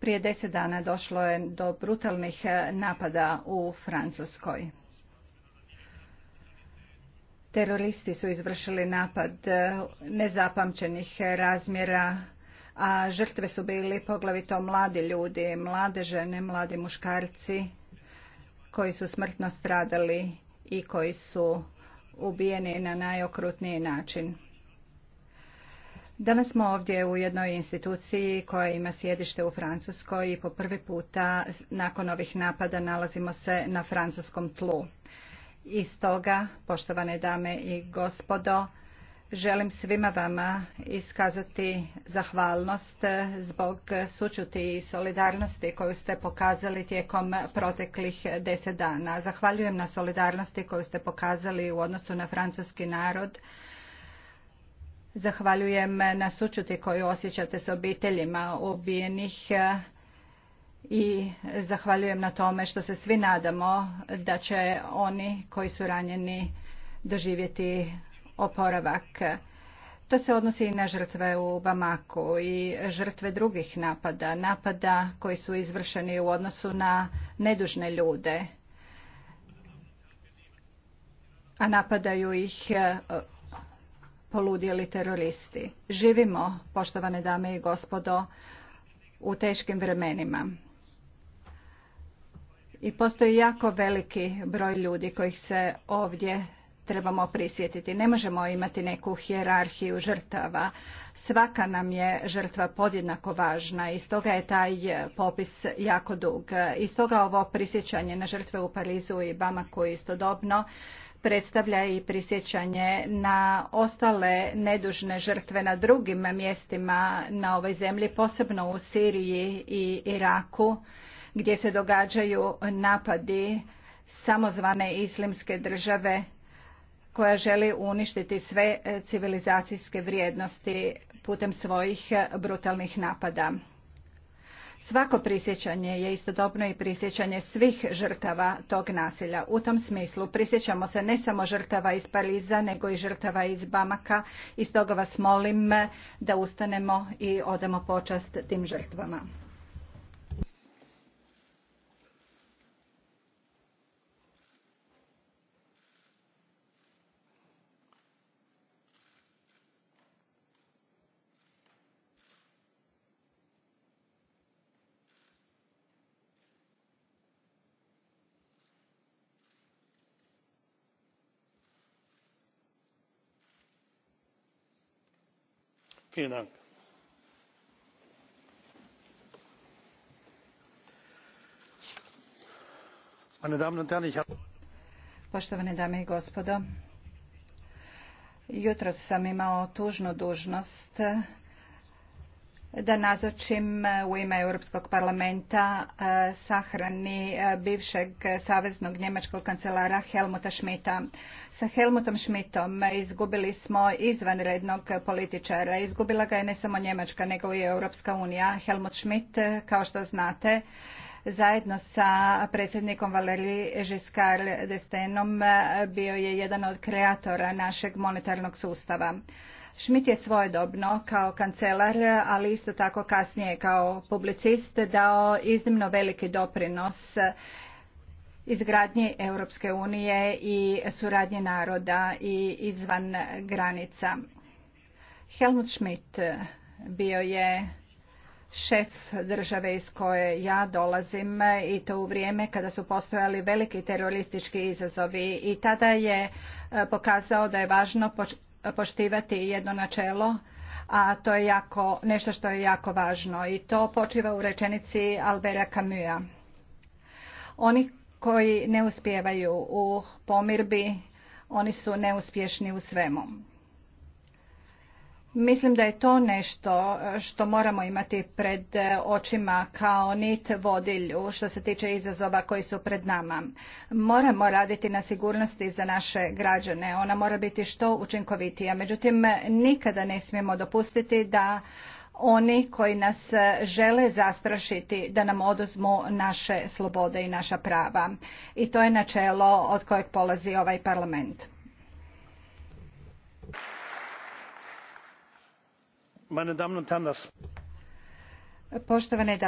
Prije deset dana došlo je do brutalnih e, napada u Francuskoj. Teroristi su izvršili napad e, nezapamćenih razmjera, a žrtve su bili poglavito mladi ljudi, mlade žene, mladi muškarci koji su smrtno stradali i koji su ubijeni na najokrutniji način. Danas smo ovdje u jednoj instituciji koja ima sjedište u Francuskoj i po prvi puta nakon ovih napada nalazimo se na francuskom tlu. I stoga, poštovane dame i gospodo, želim svima vama iskazati zahvalnost zbog sućuti i solidarnosti koju ste pokazali tijekom proteklih deset dana. Zahvaljujem na solidarnosti koju ste pokazali u odnosu na francuski narod Zahvaljujem na sučuti koju osjećate s obiteljima ubijenih e, i zahvaljujem na tome što se svi nadamo da će oni koji su ranjeni doživjeti oporavak. To se odnosi i na žrtve u Bamaku i žrtve drugih napada, napada koji su izvršeni u odnosu na nedužne ljude, a napadaju ih e, poludjeli teroristi. Živimo, poštovane dame i gospodo, u teškim vremenima. I postoji jako veliki broj ljudi kojih se ovdje trebamo prisjetiti. Ne možemo imati neku hijerarhiju žrtava. Svaka nam je žrtva podjednako važna i stoga je taj popis jako dug. I stoga ovo prisjećanje na žrtve u Parizu i Bamaku istodobno predstavlja i prisjećanje na ostale nedužne žrtve na drugim mjestima na ovoj zemlji, posebno u Siriji i Iraku, gdje se događaju napadi samozvane islamske države koja želi uništiti sve civilizacijske vrijednosti putem svojih brutalnih napada. Svako prisjećanje je istodobno i prisjećanje svih žrtava tog nasilja. U tom smislu prisjećamo se ne samo žrtava iz Pariza, nego i žrtava iz Bamaka i stoga vas molim da ustanemo i odamo počast tim žrtvama. vielen dank! poštovane dame i gospodo jutros sam imao tužnu dužnost da nazočim e, u ime Europskog parlamenta e, sahrani e, bivšeg saveznog njemačkog kancelara Helmuta Schmidta. Sa Helmutom Schmidtom izgubili smo izvanrednog političara. Izgubila ga je ne samo Njemačka, nego i Europska unija. Helmut Schmidt, kao što znate, zajedno sa predsjednikom valeri Žiskar Destenom, bio je jedan od kreatora našeg monetarnog sustava. Schmidt je svojedobno kao kancelar, ali isto tako kasnije kao publicist dao iznimno veliki doprinos izgradnji Europske unije i suradnje naroda i izvan granica. Helmut Schmidt bio je šef države iz koje ja dolazim i to u vrijeme kada su postojali veliki teroristički izazovi i tada je e, pokazao da je važno poštivati jedno načelo, a to je jako, nešto što je jako važno i to počiva u rečenici Albera Camusa. Oni koji ne uspijevaju u pomirbi, oni su neuspješni u svemu. Mislim da je to nešto e, što moramo imati pred e, očima kao nit vodilju što se tiče izazova koji su pred nama. Moramo raditi na sigurnosti za naše građane. Ona mora biti što učinkovitija. Međutim, nikada ne smijemo dopustiti da oni koji nas e, žele zastrašiti da nam oduzmu naše slobode i naša prava. I to je načelo od kojeg polazi ovaj parlament. meine damen und herren das poštovane